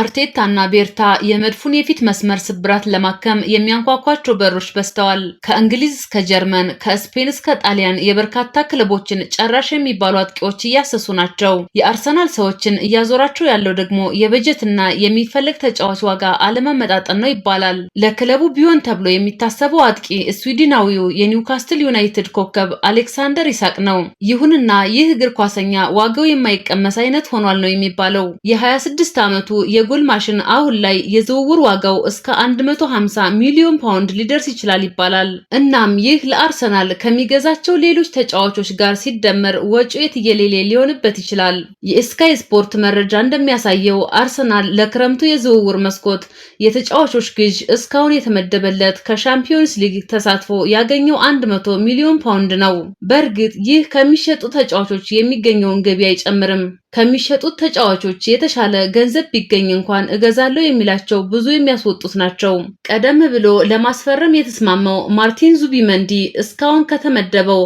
አርቴታና ቤርታ የመድፉን የፊት መስመር ስብራት ለማከም የሚያንኳኳቸው በሮች በስተዋል። ከእንግሊዝ እስከ ጀርመን፣ ከስፔን እስከ ጣሊያን የበርካታ ክለቦችን ጨራሽ የሚባሉ አጥቂዎች እያሰሱ ናቸው። የአርሰናል ሰዎችን እያዞራቸው ያለው ደግሞ የበጀትና የሚፈለግ ተጫዋች ዋጋ አለመመጣጠን ነው ይባላል። ለክለቡ ቢሆን ተብሎ የሚታሰበው አጥቂ ስዊድናዊው የኒውካስትል ዩናይትድ ኮከብ አሌክሳንደር ይሳቅ ነው። ይሁንና ይህ እግር ኳሰኛ ዋጋው የማይቀመስ አይነት ሆኗል ነው የሚባለው። የ26 ዓመቱ የ። የጎል ማሽን አሁን ላይ የዝውውር ዋጋው እስከ 150 ሚሊዮን ፓውንድ ሊደርስ ይችላል ይባላል። እናም ይህ ለአርሰናል ከሚገዛቸው ሌሎች ተጫዋቾች ጋር ሲደመር ወጪው የትየሌሌ ሊሆንበት ይችላል። የስካይ ስፖርት መረጃ እንደሚያሳየው አርሰናል ለክረምቱ የዝውውር መስኮት የተጫዋቾች ግዥ እስካሁን የተመደበለት ከሻምፒዮንስ ሊግ ተሳትፎ ያገኘው 100 ሚሊዮን ፓውንድ ነው። በእርግጥ ይህ ከሚሸጡ ተጫዋቾች የሚገኘውን ገቢ አይጨምርም። ከሚሸጡት ተጫዋቾች የተሻለ ገንዘብ ቢገኝ እንኳን እገዛለሁ የሚላቸው ብዙ የሚያስወጡት ናቸው። ቀደም ብሎ ለማስፈረም የተስማመው ማርቲን ዙቢመንዲ እስካሁን ከተመደበው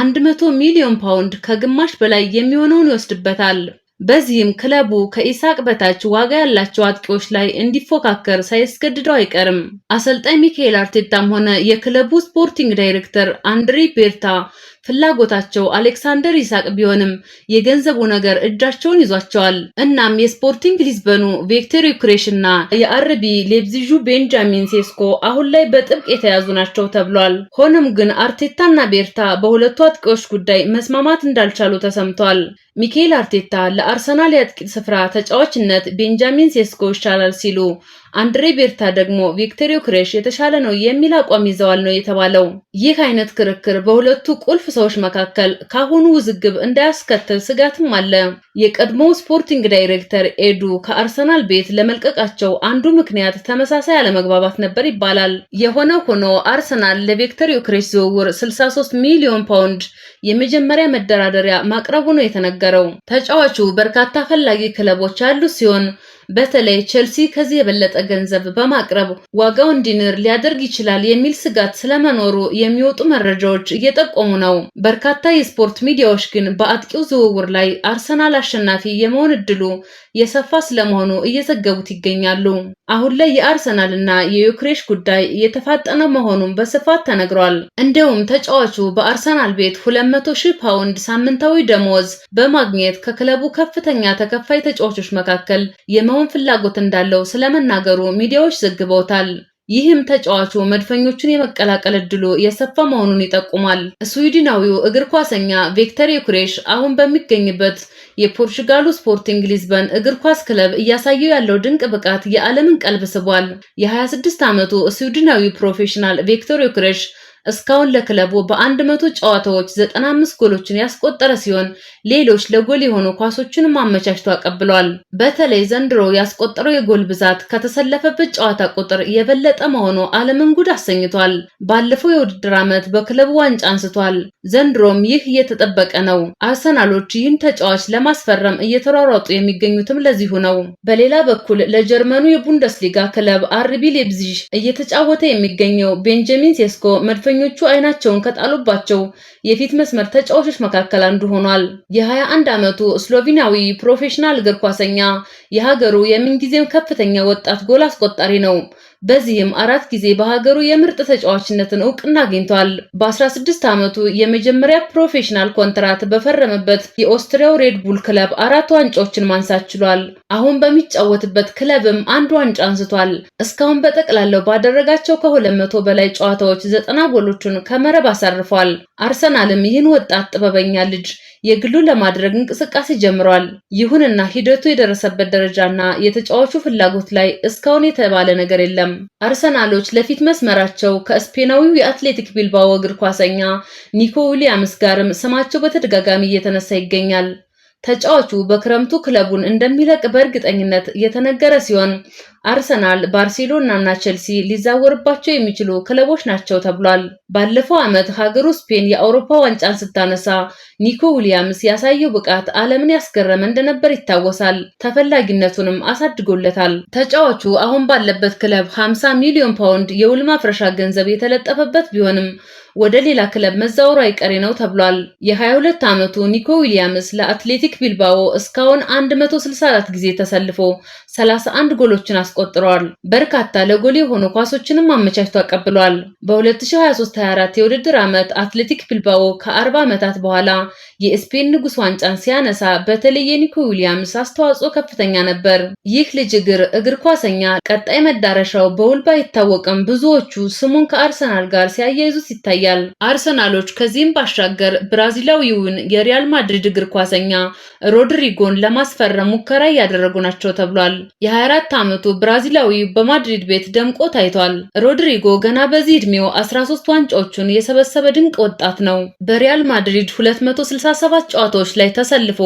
100 ሚሊዮን ፓውንድ ከግማሽ በላይ የሚሆነውን ይወስድበታል። በዚህም ክለቡ ከኢሳቅ በታች ዋጋ ያላቸው አጥቂዎች ላይ እንዲፎካከር ሳይስገድደው አይቀርም። አሰልጣኝ ሚካኤል አርቴታም ሆነ የክለቡ ስፖርቲንግ ዳይሬክተር አንድሬ ቤርታ ፍላጎታቸው አሌክሳንደር ይሳቅ ቢሆንም የገንዘቡ ነገር እጃቸውን ይዟቸዋል። እናም የስፖርቲንግ ሊዝበኑ ቪክቶር ዩክሬሽ እና የአርቢ ሌብዚዡ ቤንጃሚን ሴስኮ አሁን ላይ በጥብቅ የተያዙ ናቸው ተብሏል። ሆኖም ግን አርቴታና ቤርታ በሁለቱ አጥቂዎች ጉዳይ መስማማት እንዳልቻሉ ተሰምቷል። ሚኬል አርቴታ ለአርሰናል የአጥቂ ስፍራ ተጫዋችነት ቤንጃሚን ሴስኮ ይሻላል ሲሉ፣ አንድሬ ቤርታ ደግሞ ቪክቶሪዮ ክሬሽ የተሻለ ነው የሚል አቋም ይዘዋል ነው የተባለው። ይህ አይነት ክርክር በሁለቱ ቁልፍ ሰዎች መካከል ካሁኑ ውዝግብ እንዳያስከትል ስጋትም አለ። የቀድሞው ስፖርቲንግ ዳይሬክተር ኤዱ ከአርሰናል ቤት ለመልቀቃቸው አንዱ ምክንያት ተመሳሳይ አለመግባባት ነበር ይባላል። የሆነ ሆኖ አርሰናል ለቪክቶሪዮ ክሬሽ ዝውውር 63 ሚሊዮን ፓውንድ የመጀመሪያ መደራደሪያ ማቅረቡ ነው የተነገረው። የተቸገረው። ተጫዋቹ በርካታ ፈላጊ ክለቦች ያሉ ሲሆን በተለይ ቼልሲ ከዚህ የበለጠ ገንዘብ በማቅረብ ዋጋው እንዲንር ሊያደርግ ይችላል የሚል ስጋት ስለመኖሩ የሚወጡ መረጃዎች እየጠቆሙ ነው። በርካታ የስፖርት ሚዲያዎች ግን በአጥቂው ዝውውር ላይ አርሰናል አሸናፊ የመሆን እድሉ የሰፋ ስለመሆኑ እየዘገቡት ይገኛሉ። አሁን ላይ የአርሰናልና የዩክሬሽ ጉዳይ እየተፋጠነ መሆኑን በስፋት ተነግሯል። እንደውም ተጫዋቹ በአርሰናል ቤት 200 ሺህ ፓውንድ ሳምንታዊ ደሞዝ በማግኘት ከክለቡ ከፍተኛ ተከፋይ ተጫዋቾች መካከል የመሆን ፍላጎት እንዳለው ስለመናገሩ ሚዲያዎች ዘግበውታል። ይህም ተጫዋቹ መድፈኞቹን የመቀላቀል እድሉ የሰፋ መሆኑን ይጠቁማል። ስዊድናዊው እግር ኳሰኛ ቬክተር ዮኬሬሽ አሁን በሚገኝበት የፖርቹጋሉ ስፖርቲንግ ሊዝበን እግር ኳስ ክለብ እያሳየው ያለው ድንቅ ብቃት የዓለምን ቀልብ ስቧል። የ26 ዓመቱ ስዊድናዊ ፕሮፌሽናል ቬክተር ዮኬሬሽ እስካሁን ለክለቡ በአንድ መቶ ጨዋታዎች ዘጠና ጎሎችን ያስቆጠረ ሲሆን ሌሎች ለጎል የሆኑ ኳሶችንም አመቻችቶ አቀብሏል። በተለይ ዘንድሮ ያስቆጠረው የጎል ብዛት ከተሰለፈበት ጨዋታ ቁጥር የበለጠ መሆኑ ዓለምን ጉድ አሰኝቷል። ባለፈው የውድድር ዓመት በክለቡ ዋንጫ አንስቷል። ዘንድሮም ይህ እየተጠበቀ ነው። አርሰናሎች ይህን ተጫዋች ለማስፈረም እየተሯሯጡ የሚገኙትም ለዚሁ ነው። በሌላ በኩል ለጀርመኑ የቡንደስሊጋ ክለብ አርቢ ሌብዚሽ እየተጫወተ የሚገኘው ቤንጃሚን ሴስኮ መድፈኛ ተንኮለኞቹ አይናቸውን ከጣሉባቸው የፊት መስመር ተጫዋቾች መካከል አንዱ ሆኗል። የ21 ዓመቱ ስሎቬኒያዊ ፕሮፌሽናል እግር ኳሰኛ የሀገሩ የምንጊዜም ከፍተኛ ወጣት ጎል አስቆጣሪ ነው። በዚህም አራት ጊዜ በሀገሩ የምርጥ ተጫዋችነትን እውቅና አግኝቷል። በ16 ዓመቱ የመጀመሪያ ፕሮፌሽናል ኮንትራት በፈረመበት የኦስትሪያው ሬድቡል ክለብ አራት ዋንጫዎችን ማንሳት ችሏል። አሁን በሚጫወትበት ክለብም አንድ ዋንጫ አንስቷል። እስካሁን በጠቅላላው ባደረጋቸው ከ200 በላይ ጨዋታዎች ዘጠና ጎሎቹን ከመረብ አሳርፏል። አርሰናልም ይህን ወጣት ጥበበኛ ልጅ የግሉ ለማድረግ እንቅስቃሴ ጀምሯል። ይሁንና ሂደቱ የደረሰበት ደረጃና የተጫዋቹ ፍላጎት ላይ እስካሁን የተባለ ነገር የለም። አርሰናሎች ለፊት መስመራቸው ከስፔናዊው የአትሌቲክ ቢልባኦ እግር ኳሰኛ ኒኮ ዊሊያምስ ጋርም ስማቸው በተደጋጋሚ እየተነሳ ይገኛል። ተጫዋቹ በክረምቱ ክለቡን እንደሚለቅ በእርግጠኝነት የተነገረ ሲሆን አርሰናል፣ ባርሴሎና እና ቼልሲ ሊዛወርባቸው የሚችሉ ክለቦች ናቸው ተብሏል። ባለፈው ዓመት ሀገሩ ስፔን የአውሮፓ ዋንጫን ስታነሳ ኒኮ ዊሊያምስ ያሳየው ብቃት ዓለምን ያስገረመ እንደነበር ይታወሳል። ተፈላጊነቱንም አሳድጎለታል። ተጫዋቹ አሁን ባለበት ክለብ 50 ሚሊዮን ፓውንድ የውል ማፍረሻ ገንዘብ የተለጠፈበት ቢሆንም ወደ ሌላ ክለብ መዛወሩ አይቀሬ ነው ተብሏል። የ22 ዓመቱ ኒኮ ዊሊያምስ ለአትሌቲክ ቢልባኦ እስካሁን 164 ጊዜ ተሰልፎ ሰላሳ አንድ ጎሎችን አስቆጥረዋል። በርካታ ለጎል የሆኑ ኳሶችንም አመቻችቶ አቀብሏል። በ2023/24 የውድድር ዓመት አትሌቲክ ቢልባኦ ከ40 ዓመታት በኋላ የስፔን ንጉሥ ዋንጫን ሲያነሳ በተለይ የኒኮ ዊሊያምስ አስተዋጽኦ ከፍተኛ ነበር። ይህ ልጅ እግር እግር ኳሰኛ ቀጣይ መዳረሻው በውል ባይታወቅም ብዙዎቹ ስሙን ከአርሰናል ጋር ሲያያይዙት ይታያል። አርሰናሎች ከዚህም ባሻገር ብራዚላዊውን የሪያል ማድሪድ እግር ኳሰኛ ሮድሪጎን ለማስፈረም ሙከራ እያደረጉ ናቸው ተብሏል። የ24 ዓመቱ ብራዚላዊ በማድሪድ ቤት ደምቆ ታይቷል። ሮድሪጎ ገና በዚህ ዕድሜው 13 ዋንጫዎቹን የሰበሰበ ድንቅ ወጣት ነው። በሪያል ማድሪድ 267 ጨዋታዎች ላይ ተሰልፎ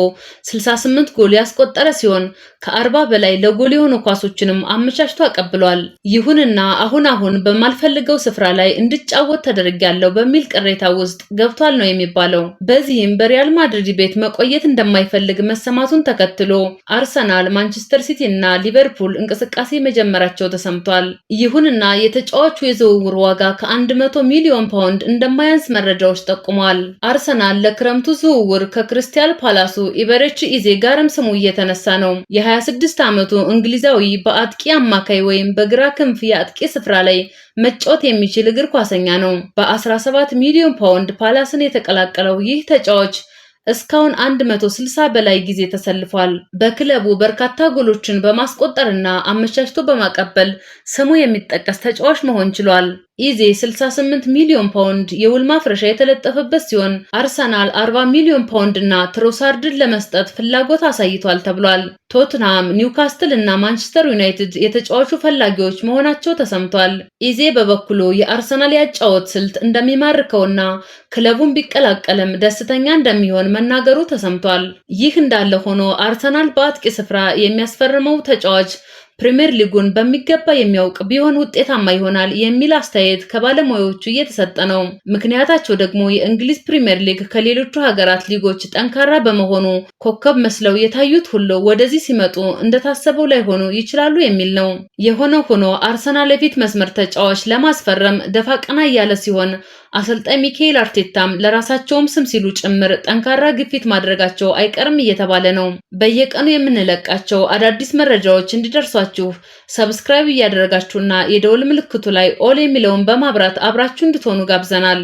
68 ጎል ያስቆጠረ ሲሆን ከአርባ በላይ ለጎል የሆኑ ኳሶችንም አመቻችቶ አቀብሏል። ይሁንና አሁን አሁን በማልፈልገው ስፍራ ላይ እንድጫወት ተደርጊያለሁ በሚል ቅሬታ ውስጥ ገብቷል ነው የሚባለው። በዚህም በሪያል ማድሪድ ቤት መቆየት እንደማይፈልግ መሰማቱን ተከትሎ አርሰናል፣ ማንቸስተር ሲቲ እና ሊቨርፑል እንቅስቃሴ መጀመራቸው ተሰምቷል። ይሁንና የተጫዋቹ የዝውውር ዋጋ ከ100 ሚሊዮን ፓውንድ እንደማያንስ መረጃዎች ጠቁሟል። አርሰናል ለክረምቱ ዝውውር ከክሪስታል ፓላሱ ኢበረቺ ኢዜ ጋርም ስሙ እየተነሳ ነው። የ26 ዓመቱ እንግሊዛዊ በአጥቂ አማካይ ወይም በግራ ክንፍ የአጥቂ ስፍራ ላይ መጫወት የሚችል እግር ኳሰኛ ነው። በ17 ሚሊዮን ፓውንድ ፓላስን የተቀላቀለው ይህ ተጫዋች እስካሁን 160 በላይ ጊዜ ተሰልፏል። በክለቡ በርካታ ጎሎችን በማስቆጠርና አመቻችቶ በማቀበል ስሙ የሚጠቀስ ተጫዋች መሆን ችሏል። ኢዜ 68 ሚሊዮን ፓውንድ የውል ማፍረሻ የተለጠፈበት ሲሆን አርሰናል 40 ሚሊዮን ፓውንድ እና ትሮሳርድን ለመስጠት ፍላጎት አሳይቷል ተብሏል። ቶትናም፣ ኒውካስትል እና ማንቸስተር ዩናይትድ የተጫዋቹ ፈላጊዎች መሆናቸው ተሰምቷል። ኢዜ በበኩሉ የአርሰናል ያጫወት ስልት እንደሚማርከውና ክለቡን ቢቀላቀልም ደስተኛ እንደሚሆን መናገሩ ተሰምቷል። ይህ እንዳለ ሆኖ አርሰናል በአጥቂ ስፍራ የሚያስፈርመው ተጫዋች ፕሪምየር ሊጉን በሚገባ የሚያውቅ ቢሆን ውጤታማ ይሆናል የሚል አስተያየት ከባለሙያዎቹ እየተሰጠ ነው። ምክንያታቸው ደግሞ የእንግሊዝ ፕሪምየር ሊግ ከሌሎቹ ሀገራት ሊጎች ጠንካራ በመሆኑ ኮከብ መስለው የታዩት ሁሉ ወደዚህ ሲመጡ እንደታሰበው ላይሆኑ ይችላሉ የሚል ነው። የሆነ ሆኖ አርሰናል የፊት መስመር ተጫዋች ለማስፈረም ደፋ ቀና እያለ ሲሆን አሰልጣኝ ሚካኤል አርቴታም ለራሳቸውም ስም ሲሉ ጭምር ጠንካራ ግፊት ማድረጋቸው አይቀርም እየተባለ ነው። በየቀኑ የምንለቃቸው አዳዲስ መረጃዎች እንዲደርሷቸው እንዲደርሳችሁ ሰብስክራይብ እያደረጋችሁና የደወል ምልክቱ ላይ ኦል የሚለውን በማብራት አብራችሁ እንድትሆኑ ጋብዘናል።